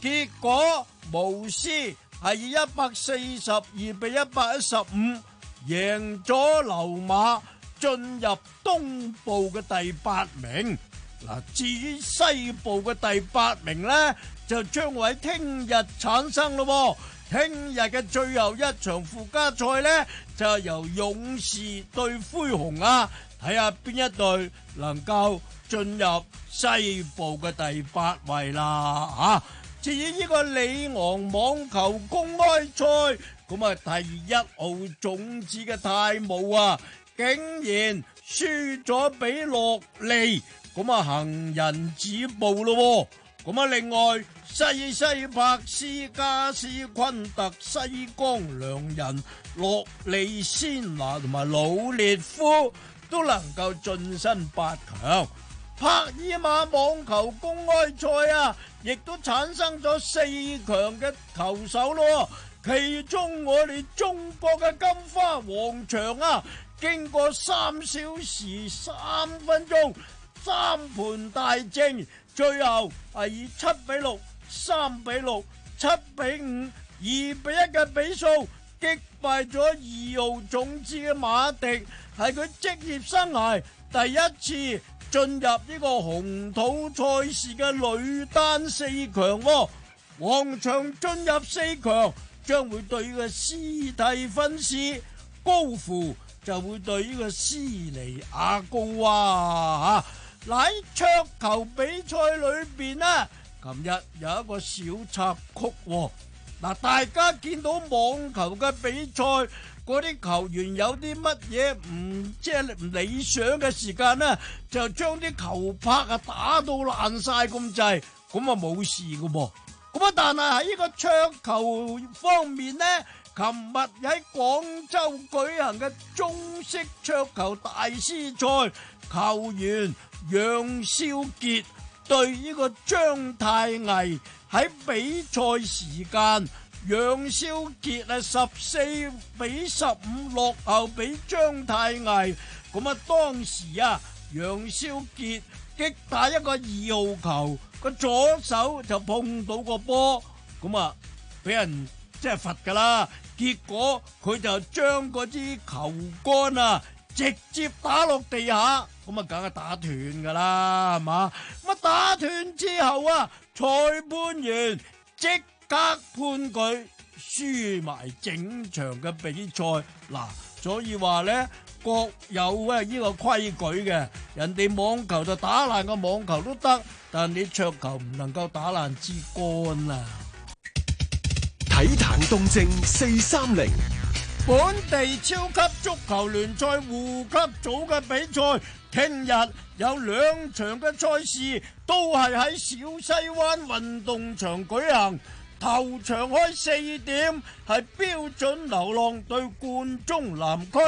結果，巫師係以一百四十二比一百一十五贏咗流馬，進入東部嘅第八名。嗱，至於西部嘅第八名呢，就將會喺聽日產生咯。聽日嘅最後一場附加賽呢，就係由勇士對灰熊啊，睇下邊一隊能夠進入西部嘅第八位啦，吓。至於呢個里昂網球公開賽，咁啊第一號種子嘅泰模啊，竟然輸咗俾洛利，咁啊行人止步咯。咁啊，另外西西伯斯加斯昆特西江兩人，洛利仙娜同埋魯列夫都能夠晉身八強。帕爾馬網球公開賽啊，亦都產生咗四強嘅球手咯。其中我哋中國嘅金花王薔啊，經過三小時三分鐘三盤大勝，最後係以七比六、三比六、七比五、二比一嘅比數擊敗咗二號種子嘅馬迪，係佢職業生涯第一次。進入呢個紅土賽事嘅女單四強，啊，王薔進入四強，將會對個斯蒂芬斯，高芙就會對呢個斯尼亞高哇。啊吓。喺桌球比賽裏邊啊，琴日有一個小插曲，啊。嗱，大家見到網球嘅比賽，嗰啲球員有啲乜嘢唔即係理想嘅時間呢，就將啲球拍啊打到爛晒咁滯，咁啊冇事嘅噃。咁啊，但係喺呢個桌球方面呢，琴日喺廣州舉行嘅中式桌球大師賽，球員楊少傑對呢個張太毅。喺比賽時間，楊少傑啊十四比十五落後俾張太毅，咁啊當時啊楊少傑擊打一個二號球，個左手就碰到個波，咁啊俾人即係罰噶啦。結果佢就將嗰支球桿啊直接打落地下，咁啊梗係打斷噶啦，係嘛？咁啊打斷之後啊。裁判員即刻判佢輸埋整場嘅比賽，嗱，所以話咧，各有啊呢個規矩嘅，人哋網球就打爛個網球都得，但係你桌球唔能夠打爛支杆啊。體壇動靜四三零。本地超級足球聯賽護級組嘅比賽，聽日有兩場嘅賽事，都係喺小西灣運動場舉行。頭場開四點，係標準流浪對冠忠南區；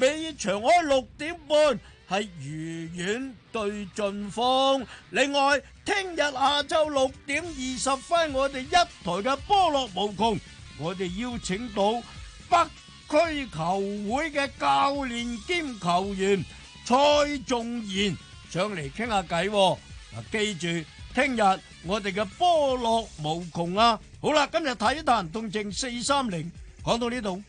尾場開六點半，係愉園對晉峰。另外，聽日下晝六點二十分，我哋一台嘅波樂無窮，我哋邀請到北區球會嘅教練兼球員蔡仲賢上嚟傾下偈嗱，記住聽日我哋嘅波落無窮啊！好啦，今日體壇動靜四三零講到呢度。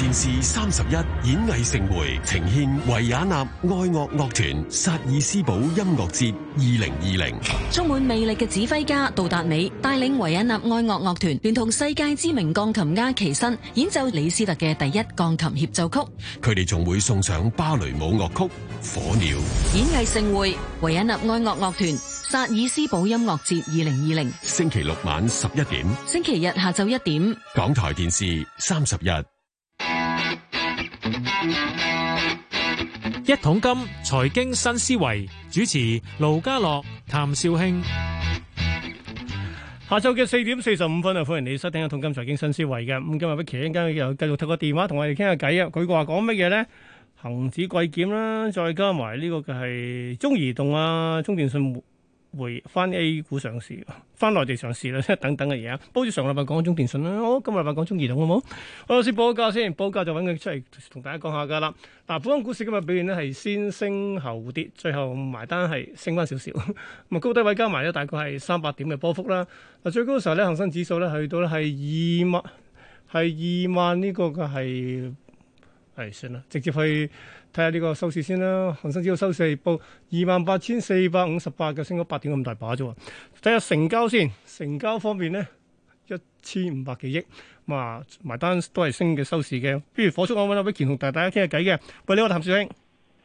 電視三十一演藝盛會，呈獻維也納愛樂樂團薩爾斯堡音樂節二零二零。充滿魅力嘅指揮家杜達美帶領維也納愛樂樂團，連同世界知名鋼琴家齊身演奏李斯特嘅第一鋼琴協奏曲。佢哋仲會送上芭蕾舞樂曲《火鳥》。演藝盛會，維也納愛樂樂團薩爾斯堡音樂節二零二零。星期六晚十一點，星期日下晝一點。港台電視三十一。一桶金財經新思維主持盧家樂譚紹興，下晝嘅四點四十五分啊，歡迎你收聽一桶金財經新思維嘅。咁今日俾其中一間又繼續透過電話同我哋傾下偈啊，佢話講乜嘢咧？恒指季檢啦，再加埋呢個嘅係中移動啊，中電信。回翻 A 股上市，翻內地上市啦，等等嘅嘢。煲住上個禮拜講中電信啦，我、哦、今個禮拜講中移動好唔好？我先報個價先，報價就揾佢出嚟同大家講下㗎啦。嗱，本港股市今日表現咧係先升後跌，最後埋單係升翻少少。咁啊高低位加埋咧，大概係三百點嘅波幅啦。嗱，最高嘅時候咧，恒生指數咧去到咧係二萬，係二萬呢個嘅係係算啦，直接去。睇下呢個收市先啦，恒生指數收市報二萬八千四百五十八嘅，升咗八點咁大把啫。睇下成交先，成交方面咧一千五百幾億，嘛埋單都係升嘅收市嘅。不如火速揾揾阿威健同大大家傾下偈嘅，喂，呢個譚紹興。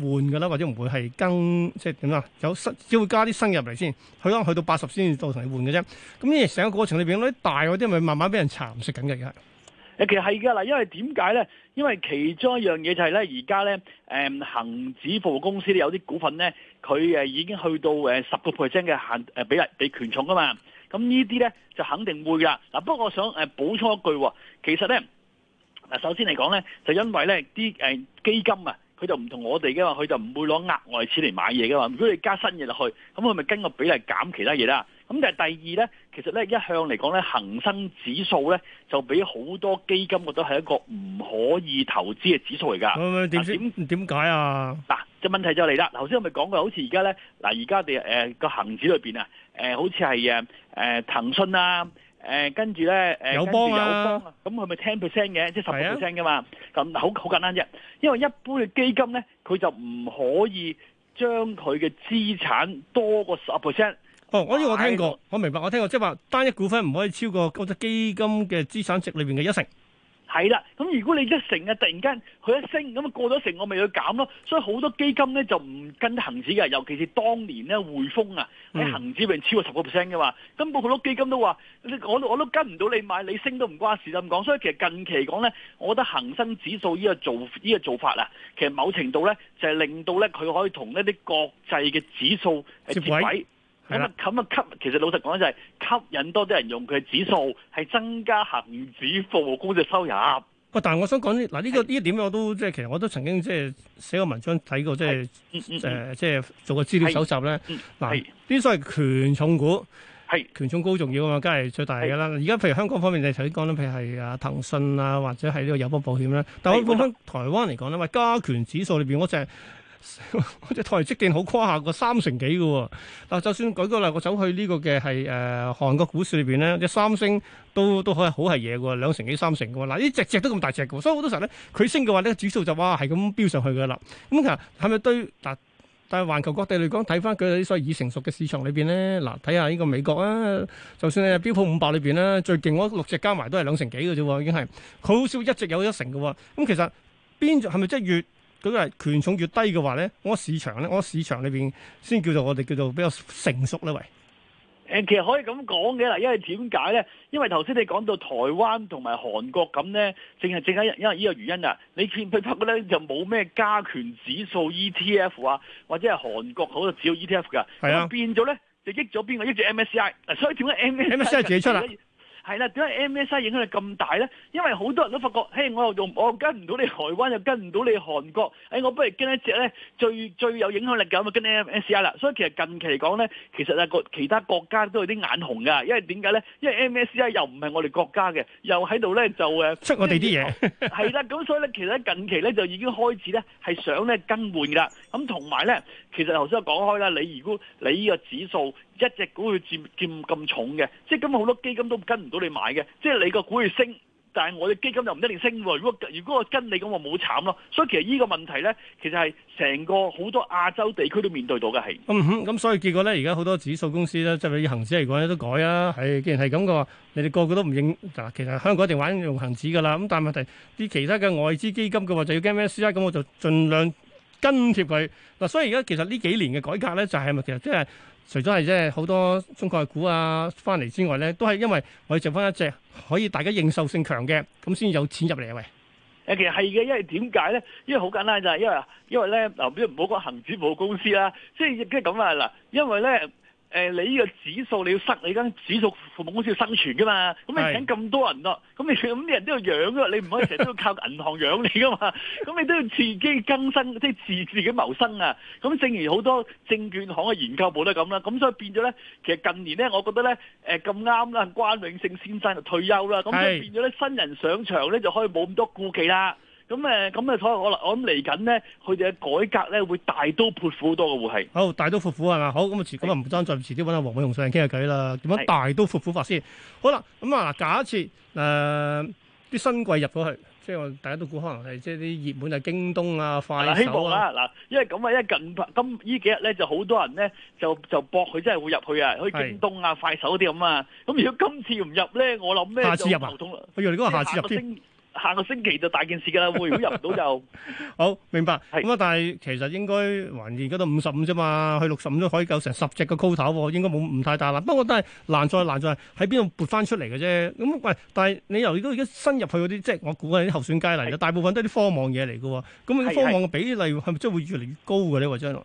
換噶啦，或者唔會係更即係點啊？有要新只會加啲新入嚟先，佢可能去到八十先至到同你換嘅啫。咁呢成個過程裏邊嗰啲大嗰啲咪慢慢俾人蠶食緊嘅而家。誒，其實係噶啦，因為點解咧？因為其中一樣嘢就係咧，而家咧誒恒指服務公司咧有啲股份咧，佢誒已經去到誒十個 percent 嘅限誒比例俾權重噶嘛。咁呢啲咧就肯定會噶。嗱，不過我想誒補充一句，其實咧嗱，首先嚟講咧，就因為咧啲誒基金啊。佢就唔同我哋嘅嘛，佢就唔會攞額外錢嚟買嘢嘅嘛。如果你加新嘢落去，咁佢咪跟個比例減其他嘢啦。咁但係第二咧，其實咧一向嚟講咧，恒生指數咧就畀好多基金覺得係一個唔可以投資嘅指數嚟㗎。點點解啊？嗱但，就問題就嚟啦。頭先我咪講過，呃呃、好似而家咧嗱，而家我哋誒個恒指裏邊啊，誒好似係誒誒騰訊啊。誒、呃、跟住咧，誒跟住有幫啊，咁佢咪 ten percent 嘅，即係十 percent 嘅嘛。咁好好簡單啫，因為一般嘅基金咧，佢就唔可以將佢嘅資產多過十 percent。哦，我呢個我聽過，到我明白，我聽過，即係話單一股份唔可以超過隻基金嘅資產值裏邊嘅一成。係啦，咁如果你一成日突然間佢一升，咁啊過咗成，我咪要減咯。所以好多基金咧就唔跟得恒指嘅，尤其是當年咧匯豐啊，喺恒指入面超過十個 percent 嘅話，根本好多基金都話，我我都跟唔到你買，你升都唔關事就唔講。所以其實近期嚟講咧，我覺得恒生指數呢個做呢、這個做法啦，其實某程度咧就係、是、令到咧佢可以同一啲國際嘅指數係接軌。咁啊，咁啊吸，其實老實講就係吸引多啲人用佢嘅指數，係增加恒指服務公司嘅收入。喂，但係我想講，嗱呢個呢一點我都即係，其實我都曾經即係寫過文章睇過，即係誒，即係做過資料搜集咧。嗱，啲所謂權重股係權重股好重要啊嘛，梗係最大噶啦。而家譬如香港方面，你頭先講咧，譬如係啊騰訊啊，或者係呢個友邦保險咧。但係我講翻台灣嚟講咧，因為加權指數裏邊我淨。隻台積電好誇下個三成幾噶，嗱就算舉個例，我走去呢個嘅係誒韓國股市裏邊咧，隻三星都都可好係嘢噶，兩成幾三成噶，嗱呢隻只都咁大隻噶，所以好多時候咧，佢升嘅話呢個指數就哇係咁飆上去噶啦。咁、嗯、其實係咪對但但係環球各地嚟講，睇翻佢啲所謂已成熟嘅市場裏邊咧，嗱睇下呢個美國啊，就算係標普五百裏邊啦，最勁嗰六隻加埋都係兩成幾嘅啫，已經係佢好少一隻有一成噶。咁其實邊係咪真係越？嗰個係權重越低嘅話咧，我市場咧，我市場裏邊先叫做我哋叫做比較成熟咧，喂。誒，其實可以咁講嘅嗱，因為點解咧？因為頭先你講到台灣同埋韓國咁咧，淨係正解淨係，因為呢個原因啊。你見佢不過咧就冇咩加權指數 ETF 啊，或者係韓國好似、啊、就只有 ETF 㗎。係啊，變咗咧就益咗邊個？益住 MSCI。所以點解 MSCI 自己出嚟？係啦，點解 m s i 影響力咁大咧？因為好多人都發覺，嘿，我又做，我又跟唔到你台灣，又跟唔到你韓國，哎，我不如跟一隻咧最最有影響力嘅咁啊，就跟 m s i 啦。所以其實近期嚟講咧，其實啊個其他國家都有啲眼紅嘅，因為點解咧？因為 m s i 又唔係我哋國家嘅，又喺度咧就誒出我哋啲嘢。係 啦，咁所以咧，其實近期咧就已經開始咧係想咧更換啦。咁同埋咧，其實頭先我講開啦，你如果你呢個指數。一隻股佢佔佔咁重嘅，即係咁好多基金都跟唔到你買嘅，即係你個股佢升，但係我哋基金又唔一定升喎。如果如果我跟你咁，我冇慘咯。所以其實呢個問題咧，其實係成個好多亞洲地區都面對到嘅，係嗯哼咁。所以結果咧，而家好多指數公司咧，即係以恆指嚟講咧都改啦。係，既然係咁嘅話，你哋個個都唔認嗱。其實香港一定玩用恆指㗎啦。咁但係問題啲其他嘅外資基金，嘅話就要 MSCI 啦，咁我就儘量跟貼佢嗱。所以而家其實呢幾年嘅改革咧，就係咪其實即係。除咗係即係好多中國嘅股啊，翻嚟之外咧，都係因為我哋剩翻一隻可以大家認受性強嘅，咁先有錢入嚟，喂，誒，其實係嘅，因為點解咧？因為好簡單就係因為因為咧，嗱，唔好講恒指母公司啦，即係即係咁啊，嗱，因為咧。誒，你呢個指數你要塞，你間指數服務公司要生存噶嘛？咁你請咁多人咯、啊，咁你咁啲人都要養咯、啊，你唔可以成日都要靠銀行養你噶嘛？咁你都要自己更生，即係自自己謀生啊！咁正如好多證券行嘅研究部都係咁啦、啊，咁所以變咗咧，其實近年咧，我覺得咧，誒咁啱啦，關永勝先生就退休啦，咁變咗咧，是新人上場咧就可以冇咁多顧忌啦。咁誒，咁誒，所以可能我諗嚟緊咧，佢哋嘅改革咧，會大刀闊斧多嘅會係。好大刀闊斧係嘛？好咁啊，咁啊，唔爭再遲啲揾阿黃偉雄上嚟傾下偈啦。點樣大刀闊斧法先？好啦，咁啊，假設誒啲新貴入咗去，即係我大家都估，可能係即係啲熱門係京東啊、快手啦。嗱，因為咁啊，一近今呢幾日咧，就好多人咧就就搏佢真係會入去啊，去京東啊、快手啲咁啊。咁如果今次唔入咧，我諗咩？下次入啊？哎呀，你講下次先。下個星期就大件事㗎啦，會唔會入唔到就 好明白。咁啊是，但係其實應該還而家都五十五啫嘛，去六十五都可以夠成十隻個高頭喎，應該冇唔太大啦。不過都係難再難再喺邊度撥翻出嚟嘅啫。咁喂，但係你由你都而家新入去嗰啲，即係我估係啲候選佳嚟嘅，是大部分都係啲科網嘢嚟嘅。咁啲科網嘅比例係咪真係會越嚟越高㗎咧？話將是。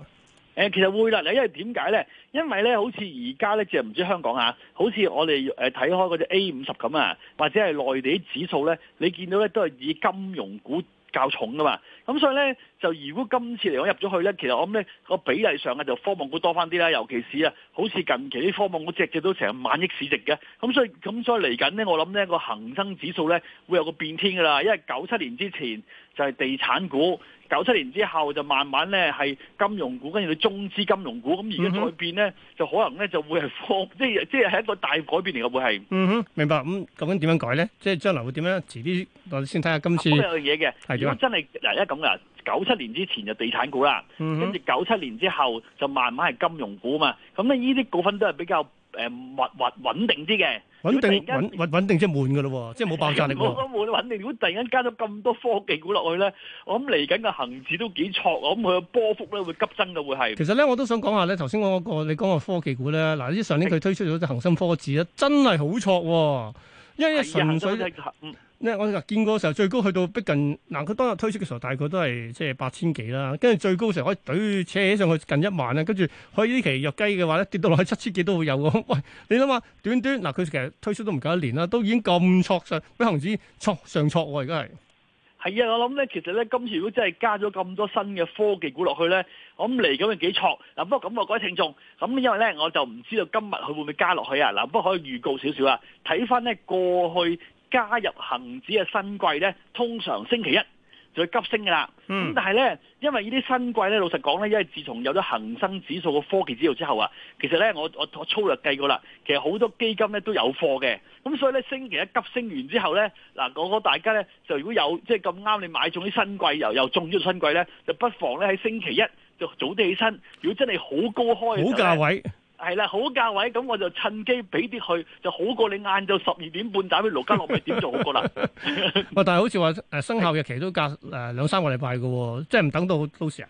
誒、呃、其實會啦，你因為點解咧？因為咧，好似而家咧，即係唔知香港嚇、啊，好似我哋誒睇開嗰隻 A 五十咁啊，或者係內地啲指數咧，你見到咧都係以金融股較重噶嘛。咁所以咧，就如果今次嚟講入咗去咧，其實我諗咧個比例上啊，就科網股多翻啲啦。尤其是啊，好似近期啲科網股隻隻都成日萬億市值嘅。咁所以咁所以嚟緊咧，我諗呢、個恒生指數咧會有個變天噶啦，因為九七年之前。就係地產股，九七年之後就慢慢咧係金融股，跟住到中資金融股，咁而家再變咧，嗯、哼就可能咧就會係放，即係即係係一個大改變嚟嘅，會係嗯哼，明白咁、嗯、究竟點樣改咧？即係將來會點、啊、樣？遲啲我哋先睇下今次。有嘢嘅，如果真係嗱，一咁嘅，九七年之前就地產股啦，跟住九七年之後就慢慢係金融股嘛。咁咧呢啲股份都係比較誒穩穩穩定啲嘅。穩定穩穩穩定，即係悶噶咯，即係冇爆炸力。如果冇得穩定，如果突然間加咗咁多科技股落去咧，我諗嚟緊個恒指都幾挫。我諗佢個波幅咧會急增嘅，會係。其實咧，我都想講下咧，頭先我講嗰個你講個科技股咧，嗱，呢上年佢推出咗隻恒生科技指數，真係好挫，因為純粹。咧，我嗱見過嘅時候最高去到逼近，嗱佢當日推出嘅時候大概都係即係八千幾啦，跟住最高嘅時候可以懟扯起上去近一萬咧，跟住可以呢期弱雞嘅話咧跌到落去七千幾都會有嘅。喂，你諗下短短，嗱佢其實推出都唔夠一年啦，都已經咁挫上，俾紅紙挫上挫喎，而家係係啊。我諗咧，其實咧，今次如果真係加咗咁多新嘅科技股落去咧，我諗嚟緊會幾挫嗱。不過咁啊，各位聽眾，咁因為咧我就唔知道今日佢會唔會加落去啊嗱，不過可以預告少少啊，睇翻咧過去，加入恒指嘅新貴呢，通常星期一就會急升噶啦。咁、嗯、但係呢，因為呢啲新貴呢，老實講呢，因為自從有咗恒生指數個科技指數之後啊，其實呢，我我粗略計過啦，其實好多基金呢都有貨嘅。咁所以呢，星期一急升完之後呢，嗱，我我大家呢，就如果有即係咁啱，就是，你買中啲新貴，又又中咗新貴呢，就不妨呢喺星期一就早啲起身。如果真係好高開嘅價位。係啦，好價位，咁我就趁機俾啲去，就好過你晏晝十二點半打俾盧家樂，咪點 做好過啦。喂， 但係好似話誒生效日期都隔誒、呃、兩三個禮拜嘅喎，哦，即係唔等到到時啊？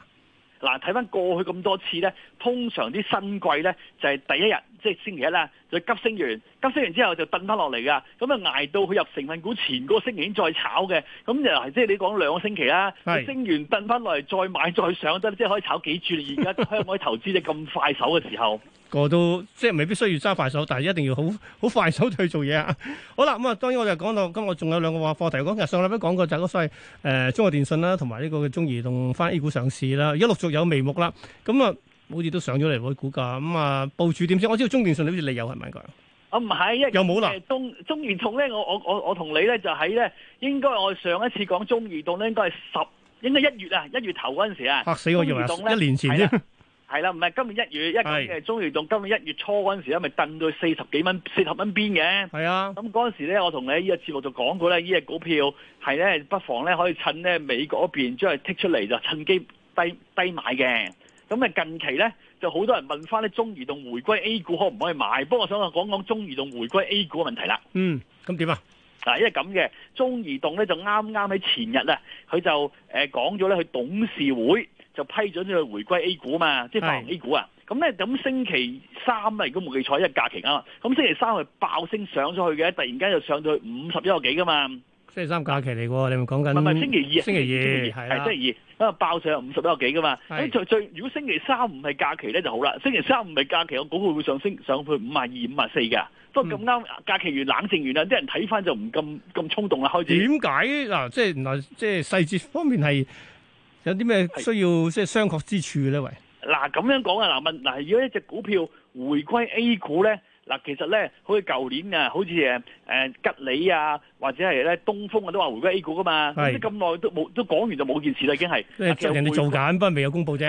嗱、啊，睇返過去咁多次咧，通常啲新季咧就係、是、第一日。即係星期一啦，就急升完，急升完之後就掟翻落嚟㗎，咁啊捱到佢入成份股前嗰、那個星期先再炒嘅，咁就即、是、係你講兩個星期啦，是升完掟翻落嚟再買再上得，即係可以炒幾轉。而家香港投資啫咁快手嘅時候， 個都即係未必需要揸快手，但係一定要好好快手去做嘢啊！ 好啦，咁、嗯、啊當然我就講到今日仲有兩個話課題，講日上禮拜講過就係、是、誒、呃、中國電信啦，同埋呢個中移動回 A 股上市啦，而家陸續有眉目啦，咁啊。好似都上咗嚟，嗰估股價咁啊，部署點知？我知道中電信好似你有係咪㗎？係係啊，唔係一又冇啦。中中移動咧，我我我我同你咧就喺、係、咧，應該我上一次講中移動咧，應該係十，應該一月啊，一月頭嗰陣時啊，嚇死我用啊，一年前啫的，係啦， 唔係今年一月，一誒的中移動今年一月初嗰陣時咧，咪、就、震、係、到四十幾蚊，四十蚊邊嘅？係啊的，咁嗰陣時咧，我同你呢個節目就講過咧，呢、呢隻股票係咧，不妨咧可以趁咧美國嗰邊將佢剔出嚟就趁機低低買嘅。咁誒近期咧，就好多人問翻咧中移動回歸 A 股可唔可以買？不過我想我講講中移動回歸 A 股嘅問題啦。嗯，咁點啊？嗱，因為咁嘅中移動咧就啱啱喺前日啊，佢就誒、呃、講咗咧，佢董事會就批准咗去回歸 A 股嘛，即係發行 A 股啊。咁咧是，咁、嗯、星期三啊，如果冇記錯，一日假期啊嘛。咁星期三係爆升上咗去嘅，突然間就上到去五十一個幾噶嘛。星期三假期嚟嘅，你咪講緊。唔係星期二，星期，星期二係啦星期二，因為爆上五十一個幾噶嘛。咁是最最，如果星期三唔係假期咧就好啦。星期三唔係假期，我估佢會上升上去五萬二、五萬四嘅。不過咁啱假期完、冷靜完啦，啲人睇翻就唔咁咁衝動啦，開始。點解嗱？即係原來即係細節方面係有啲咩需要是即係商榷之處咧？喂，嗱咁樣講啊，嗱、啊、問嗱，如果一隻股票回歸 A 股咧？嗱，其實咧，好似舊年啊，好似誒誒吉利啊，或者係咧東風啊，都話回歸 A 股噶嘛，咁即係咁耐都冇，都講完就冇件事啦，已經係人哋做緊，不過未有公佈啫。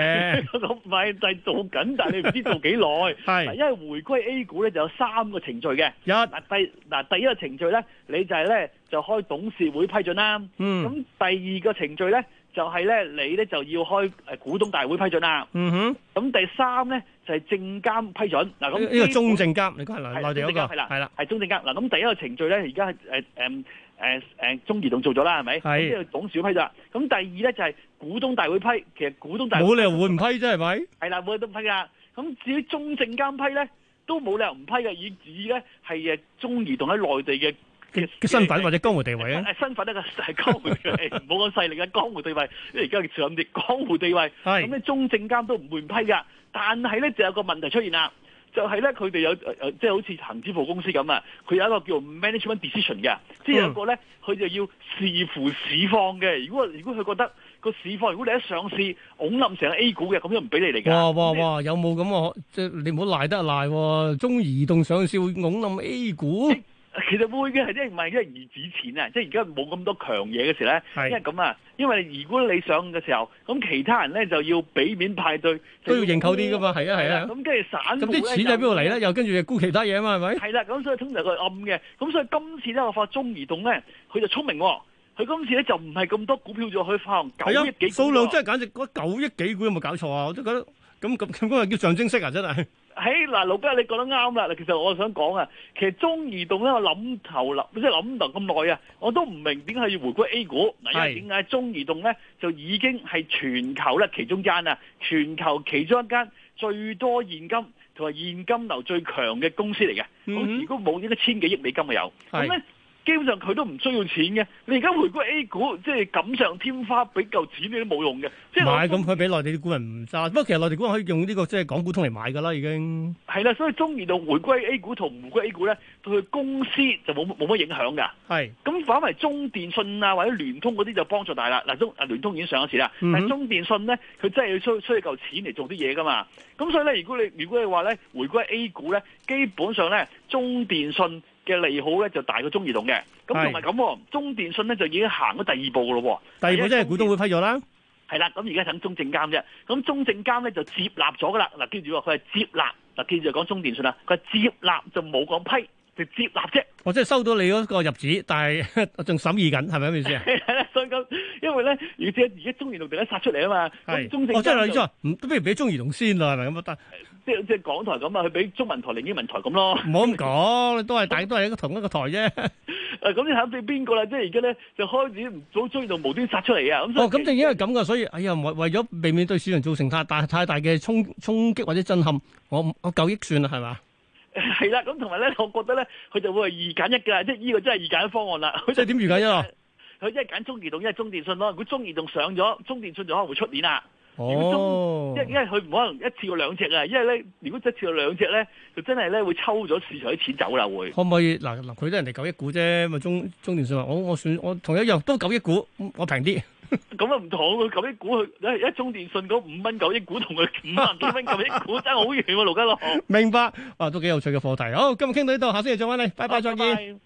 唔係，就係做緊，但係你唔知做幾耐。係，因為回歸 A 股咧就有三個程序嘅。一嗱第嗱第一個程序咧，你就係咧就開董事會批准啦。嗯。咁第二個程序咧。就係咧，你咧就要開誒股東大會批准啦。嗯哼。咁第三咧就係證監批准。嗱，咁呢個中證監，你講係內地嘅？係啦，係啦，係中證監。嗱，咁第一個程序咧，而家係誒誒誒誒中移動做咗啦，係咪？係。咁呢個董事會批准。咁第二咧就係股東大會批，其實股東大冇理由會唔批啫，係咪？係啦，冇理由唔批㗎。咁至於中證監批咧，都冇理由唔批嘅，以至於咧係誒中移動喺內地嘅。嘅身份或者江湖地位 啊？身份咧個係江湖地位，冇咁講勢力嘅、啊、江湖地位，而家上列江湖地位，咁咧是中證監都唔會不批噶。但係咧就有個問題出現啦，就係咧佢哋有即係、呃就是、好似恒指服務公司咁啊，佢有一個叫 management decision 嘅，即係有一個咧，佢就要視乎市況嘅。如果如果佢覺得個市況，如果你一上市，拱冧成 A 股嘅，咁又唔俾你嚟噶。哇哇哇！有冇咁我即係你唔好賴得賴、啊，中移動上市會拱冧 A 股。其實會嘅，係因為唔係因為而止錢啊，即係而家冇咁多強嘢嘅時咧，因為咁啊，因為如果你想嘅時候，咁其他人咧就要畀面派對，都要認購啲噶嘛，係啊係啊，咁跟住散咗啲錢喺邊度嚟咧？又跟住沽其他嘢啊嘛，係咪？係啦，咁所以通常佢暗嘅，咁所以今次咧，我發中移動咧，佢就聰明，佢今次咧就唔係咁多股票就可以發行九億幾股。數量真係簡直嗰九億幾股有冇搞錯啊？我都覺得咁咁咁嗰個叫象徵式啊，真係。喺嗱，老吉、hey,，你講得啱啦。嗱，其實我想講啊，其實中移動咧，我諗頭諗即係諗頭咁耐啊，我都唔明點解要回歸 A 股，唔是因為點解中移動咧就已經係全球咧其中間啊，全球其中一間最多現金同埋現金流最強嘅公司嚟嘅，咁如果冇呢千幾億美金嘅有，咁咧。基本上佢都唔需要錢嘅，你而家回歸 A 股，即係錦上添花，俾嚿錢你都冇用嘅。唔係不，咁佢俾內地啲股民唔揸，不過其實內地股民可以用呢、這個即係、就是、港股通嚟買㗎啦，已經。係啦，所以中移動回歸 A 股同唔回歸 A 股咧，對佢公司就冇冇乜影響㗎。係是，咁反為中電信啊或者聯通嗰啲就幫助大啦。嗱，中啊聯通已經上咗市啦，嗯、哼但係中電信咧，佢真係要需出去嚿錢嚟做啲嘢㗎嘛。咁所以咧，如果你如果你話咧回歸 A 股咧，基本上咧中電信。嘅利好咧就大過中移動嘅，咁同埋咁，中電信咧就已經行咗第二步噶咯喎。第二步即係股東會批咗啦。係啦，咁而家等中證監啫。咁中證監咧就接納咗噶啦。嗱，跟住佢係接納，嗱，跟住就講中電信啦。佢係接納就冇講批，就接納啫。啊納納就是、納我即係收到你嗰個入紙，但係仲審議緊，係咪咁意思啊？係啦， 所以咁，因為咧，而且而家中移動突然間殺出嚟啊嘛。的中證真。即係話，即係不如俾中移動先啦，係咪咁啊得？即即港台咁啊，佢俾中文台、另一英文台咁咯。唔好咁講，都係大都係一個同一個台啫。誒，咁你睇對邊個啦？即係而家咧就開始唔早中移動無端殺出嚟啊！咁所以哦，咁正因為咁嘅，所以哎呀，為為咗避免對市場造成太大太大嘅衝衝擊或者震撼，我我夠億算啦，係嘛？係啦，咁同埋咧，我覺得咧，佢就會係二揀一㗎，即係呢個真係二揀一方案啦。即係點二揀一啊？佢一揀中移動，一揀中電信咯。如果中移動上咗，中電信就可能會出年啦。哦，因為因為佢唔可能一次過兩隻啊！因為咧，如果一次過兩隻咧，就真係咧會抽咗市場啲錢走啦會。可唔可以嗱嗱佢都人哋九億股啫，咪中中電信話，我我選我同一樣都九億股，我平啲。咁啊唔妥，九億股一中電信嗰五蚊九億股同佢五萬幾蚊九億股真係好遠喎，盧家樂。明白，啊都幾有趣嘅課題。好，今日傾到呢度，下星期再揾你，拜拜，再見。